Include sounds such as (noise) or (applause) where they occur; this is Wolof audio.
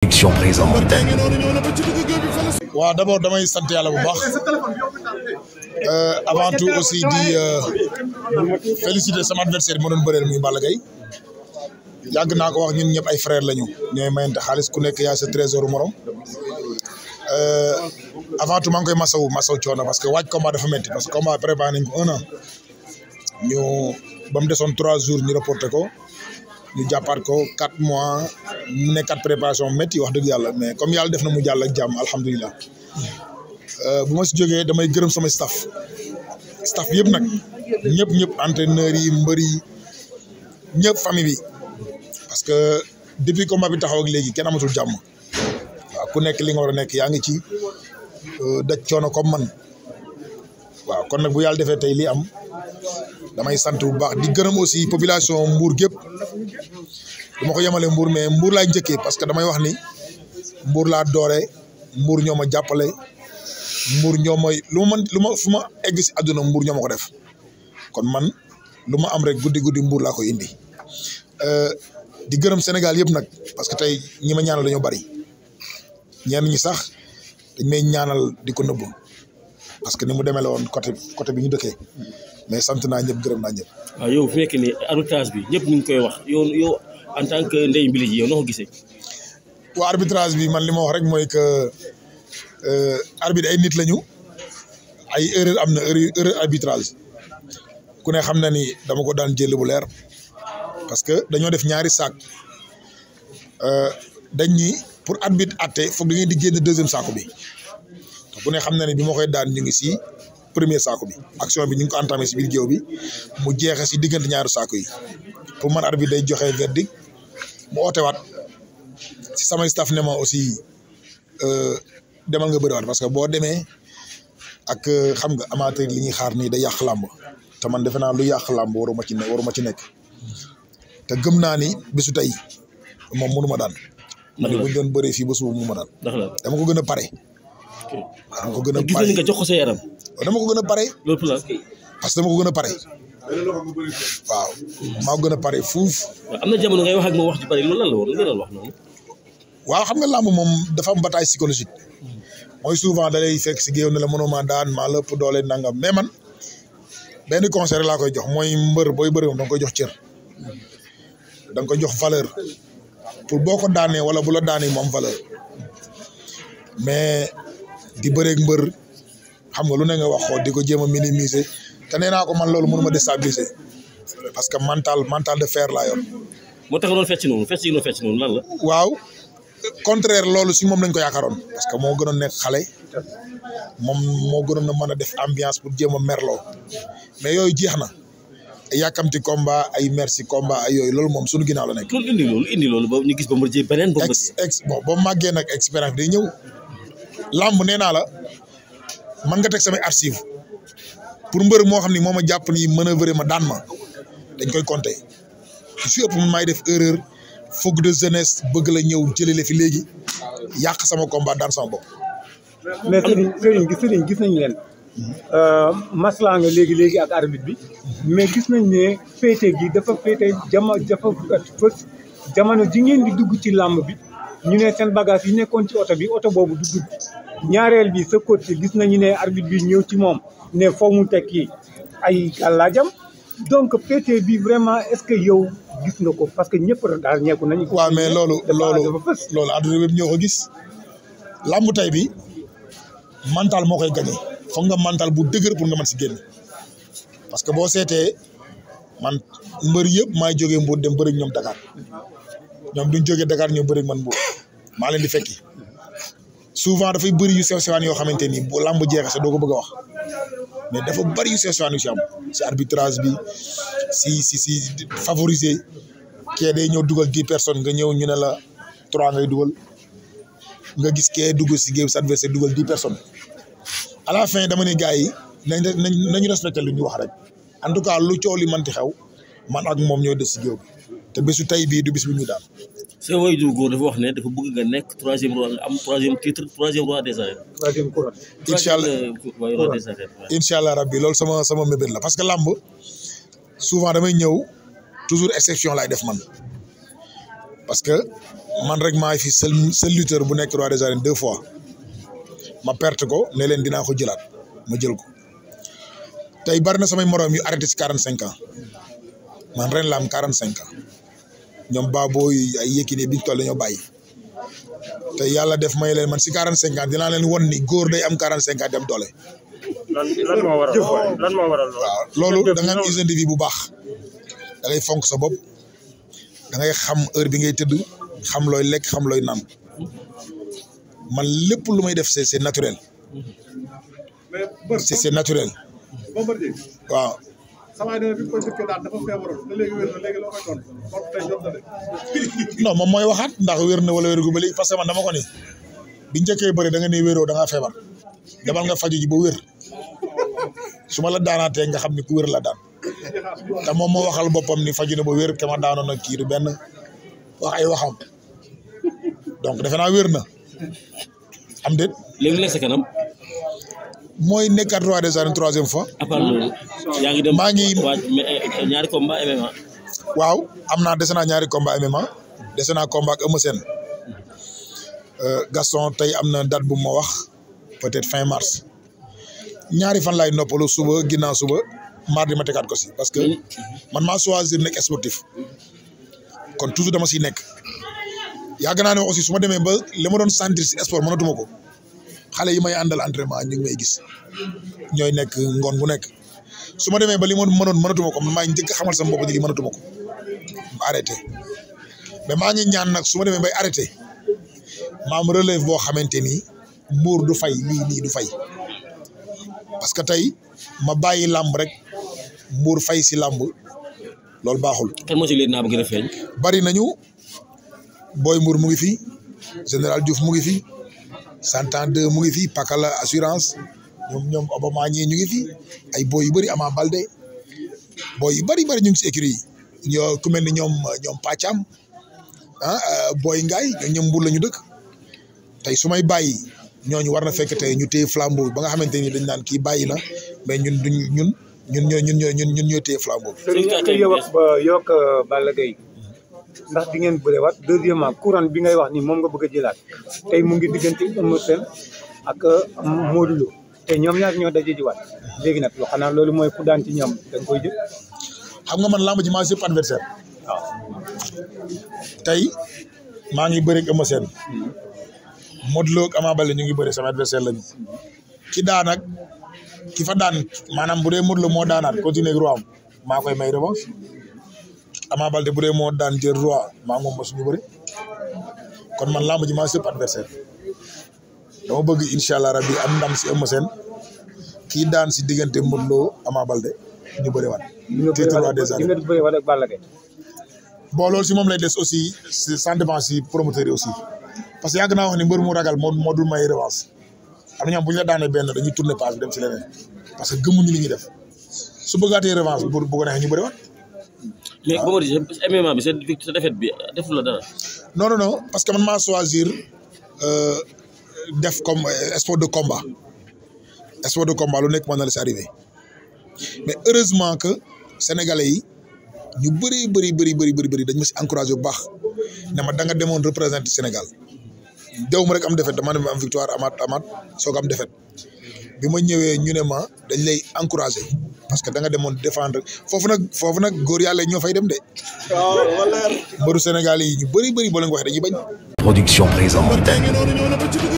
waa présente. waaw d' abord damay sant yàlla bu baax euh, avant tout aussi di euh, féliciter sama adversaire bi ma doon muy Balla Gaye yàgg naa ko wax ñun ñëpp ay frères lañu ñooy mayante xaalis ku nekk yaa sa trésor morom euh, avant tout maa ngi koy masawu masawu coono parce que waaj combat dafa métti parce que combat préparé nañ ko un ñu ba mu desoon trois jours ñu reporté ko ñu jàppaat ko quatre mois. nekk nekkaat préparation métti wax dëgg yàlla mais comme yàlla def na mu jàll ak jàmm alhamdulilah euh, bu ma si jógee damay gërëm sama staff staff yëpp nag ñëpp ñëpp entraîneurs yi mbër ñëpp famille bi parce que depuis combat bi taxaw ak léegi kenn amatul jàmm waaw ku nekk li nga war a nekk yaa ngi ci euh, daj coono comme man waaw kon nag bu yàlla defee tey li am damay sant bu baax di gërëm aussi population Mbour gépp du ma ko yemale mbuur mais mbuur laay njëkkee parce que damay wax ni mbuur laa doore mbuur ñoo ma jàppale mbuur ñoo may lu ma lu ma fu ma egg si àdduna mbuur ñoo ma ko def kon man lu ma am rek guddi guddi mbuur laa koy indi euh, di gërëm Sénégal yëpp nag parce que tey ñi ma ñaanal dañoo bari ñenn ñi sax dañ may ñaanal di ko nëbbu parce que ni mu demee la woon côté côté bi ñu dëkkee mais sant naa ñëpp gërëm naa ñëpp. waaw ah, yow bu fekkee ne avantage bi ñëpp ñu ngi koy wax en tant que Ndeye Mbilit yow noo ko gisee. waa arbitrage bi man li ma wax rek mooy que euh, arbitre ay nit lañu ay erreur am na erreur arbitrage ku ne xam na ni dama ko daan jël bu leer parce que dañoo def ñaari saak euh, dañ ñi pour arbitre atte foog da ngeen di génn deuxième saako bi ku ne xam na ni bi ma koy daan ñu ngi si premier saako bi action bi ñu ngi ko entamé si biir géew bi mu jeexe si diggante ñaari saako yi pour man arbitre bi day joxe verdict mu waat si samay staff ne ma aussi euh, demal nga bëriwaat parce que boo demee ak euh, xam nga amateur li ñuy xaar nii day yàq làmb te man defe naa lu yàq làmb waruma ci ne waruma ci nekk te gëm naa ni bisu tey moom mënu ma daan. ndax bu ñu doon bëree fii ba suba mënu ma daan. dama ko gën a pare. dama ko gën a pare gis nañ nga jox ko sa dama ko gën a pare. parce que dama ko gën a pare. waaw maa gën a pare fuuf. am na jamono ngay wax ak wax la woon lan la wax noonu. waaw xam nga làmb moom dafa am bataille psychologique. mooy souvent da lay fekk si géew ne la mënoo maa daan maa la ëpp doole nanga mais man benn conseil laa koy jox mooy mbër booy bëri moom da koy jox cër. da nga koy jox valeur. pour boo ko daanee wala bu daane daanee mu valeur. mais di bëreeg mbër. xam nga lu ne nga wax ko di ko jéem a minimiser te ko man loolu mënu ma déstabiliser parce que mental mental de fer laa yor. moo tax doon fecc noonu fecc yi doon fecc la. waaw contraire loolu si moom lañ ko yaakaaroon parce que moo gënoon nekk xale moom moo gënoon a mën a def ambiance pour jéem a merloo mais yooyu jeex na. yàkkamti combat ay merci combat ay yooyu loolu moom suñu ginnaaw la nekk. loolu indi loolu indi loolu ba ñu gis ba mu jël beneen. ba mu ex ex bon ba màggee nag expérience day ñëw làmb nee naa la. man nga teg samay archive pour mbër moo xam ni moo ma jàpp ni manœuvre ma daan ma dañ koy compter su ëpp man def erreur fougue de jeunesse bëgg la ñëw jëlee la fi léegi yàq sama combat daan sama bopp. mais Serigne Serigne Serigne gis nañ leen. Hmm. Euh, maslaa nga léegi léegi ak arbitre bi. Hmm. mais gis nañ ne féete gi dafa féete jama dafa jamono ji ngeen di dugg ci làmb bi. ñu ne seen bagage yi nekkoon ci oto bi oto boobu du dugg ñaareel bi sa côté gis nañu ne arbitre bi ñëw ci moom ne foo mu tekki ay gàllaajam donc PT bi vraiment est-ce que yow gis nga ko parce que ñëpp daal ñeeku nañu. waaw mais loolu loolu loolu adduna bi ñoo ko gis. làmb tey bi mantal moo koy gañe foog nga mental bu dëgër pour nga mën si génn parce que boo seetee man mbër yëpp maay jógee Mbour dem bër ñoom Dakar. ñoom du jóge Dakar ñoo bëri man Mbour maa leen di fekki souvent dafay bëri yu sew sewaan yoo xamante ni bu làmb jeexee sax doo ko bëgg a wax mais dafa bëri yu sew sewaan yu si am si arbitrage bi si si si favoriser kee day ñëw dugal dix personnes nga ñëw ñu ne la trois ngay dugal nga gis kee dugg si géew sa adversaire dugal di personne à la fin dama ne gars yi nañ nañ nañu respecté lu ñu wax rek en tout cas lu coow li mënti xew man ak moom ñoo des si géew te bésu tay bii du bis bu ñu daal. sa waajur góor dafa wax ne dafa bëgg nga nekk troisième am troisième titre troisième roi des arènes. troisième couronne. incha allah euh, roi des arènes incha loolu sama sama mébét la parce que làmb souvent damay ñëw toujours exception laay def man parce que man rek maay fi seul seul lutteur bu nekk roi des arènes deux fois ma perte ko ne leen dinaa ko jëlaat ma jël ko tey bari na samay moroom yu arrêté si quarante cinq ans man ren la quarante cinq ans. ñoom baaboo yi ay Yékini biñ toll dañoo bàyyi te yàlla def may leen man si quarante cinq ans dinaa leen won ni góor day am quarante cinq ans dem doole. lan lan moo waral lan moo loolu. loolu da nga am hygiène bu baax da fonk sa bopp da xam heure bi ngay tëdd xam looy lekk xam looy naan man lépp lu may def c'est c'est naturel. c'est c'est naturel. waaw. sama dina bi moom mooy waxaat ndax wér na wala wér gu ba léegi parce que man dama ko ni bi njëkkee bëri da nga ni wéroo da demal nga faju ji ba wér (laughs) su ma la daanaatee nga xam ni ku wér la daan te moom moo waxal boppam ni faju na ba wér te ma daanoon ak kii du benn wax waxam donc defe naa wér na am déet. mooy nekkaat des arènes troisième fois. yaa ngi dem maa ngi eh, ñaari combat MMA. waaw am naa dese naa ñaari combat MMA dese naa komba ak Eumeu euh, gason tey am na date bu ma wax peut-être fin mars ñaari fan laay noppalu suba ginnaaw suba maar mardi ma tegaat ko si parce que man maa choisir nekk sportif kon toujours dama si nekk yàgg naa ne aussi su ma demee ba li ma doon sentir si sport mënatuma ko. xale yi may àndal entraînement ñu ngi may gis ñooy nekk ngoon bu nekk su ma demee ba li ma mënoon mënatuma ko maa njëkk xamal sama bopp ni li mënatuma ko ma arrêté maa ngi ñaan nag su ma demee bay arrêté maam releve boo xamante ni mbuur du fay lii nii du fay parce que tey ma bàyyi làmb rek mbuur fay si làmb loolu baaxul. kan moo si leen naa bari nañu Boy Mbour mu ngi fi général Diouf mu ngi fi. Santander mu ngi fi Pakala assurance ñoom ñoom Obamani ñu ngi fi ay booy yu bëri Ama Baldé booy yu bëri bëri ñu ngi si écurie yi ñoo ku mel ni ñoom ñoom Pàccam ah euh, booy Ngaay ñoom Mbour la ñu dëkk tey su may bàyyi ñooñu war na fekk tey ñu téye flambeau bi ba nga xamante ni dañ naan kii bàyyi na mais ñun duñ ñun ñun ñoo ñun ñoo ñun ñoo téye flambeau bi. yow ak euh, Balla Gaye ndax di ngeen bërewaat deuxièmement couronne bi ngay wax ni moom nga bëgg a jëlaat tey mu ngi diggante Eumeu Sène ak euh, Modou Lo te ñoom ñaar ñoo daje jiwaat léegi nag loo xanaa loolu mooy ku daan ci ñoom da nga koy jël. xam nga man lamb ji ma sëpp adversaire waaw tey maa ngi bëri ak Eumeu Sène hmm. Modou Lo ak Ama Baldé ñu ngi bëri sama adversaire lañu hmm. ki daan ak fa daan maanaam bu dee Modou Lo moo daanaat continuer ak maa koy may revanche Ama Baldé bu dee moo daan jël roi maa ngi moom ma kon man lamb ji maa sëpp adversaire dama bëgg incha allah rabbi am ndam si Eumeu Sène kii daan si diggante Modou Lo Ama Baldé ñu bëri waat titre roi des arènes bon loolu si moom lay des aussi sans dépense si promoteur yi aussi parce que yàgg naa wax ni mbër mu ragal moo moo dul may revanche am na ñoom bu ñu la daanee benn dañuy bi dem si leneen parce que gëmuñu li ñuy def su bëggaatee revanche bu bu ko neexee ñu bëri waat léegi ba ma di MMA bi sa défaite bi deful la dara. non non non parce que man maa choisir euh, def comme euh, de combat sport de combat lu nekk mën na la si arrivé mais heureusement que sénégalais yi ñu bëri bëri bëri bëri bëri bëri dañ ma si encouragé bu baax na ma da nga demoon représenté Sénégal dew ma rek am defet dama dem am victoire amat amat soog am defet bi ma ñëwee ñu ne ma dañ lay encouragé parce que da nga demoon défendre foofu nag foofu nag góor yàlla ñoo fay dem de. waaw mbëru Sénégal yi ñu bëri bëri boo leen waxee dañuy bañ. production présente.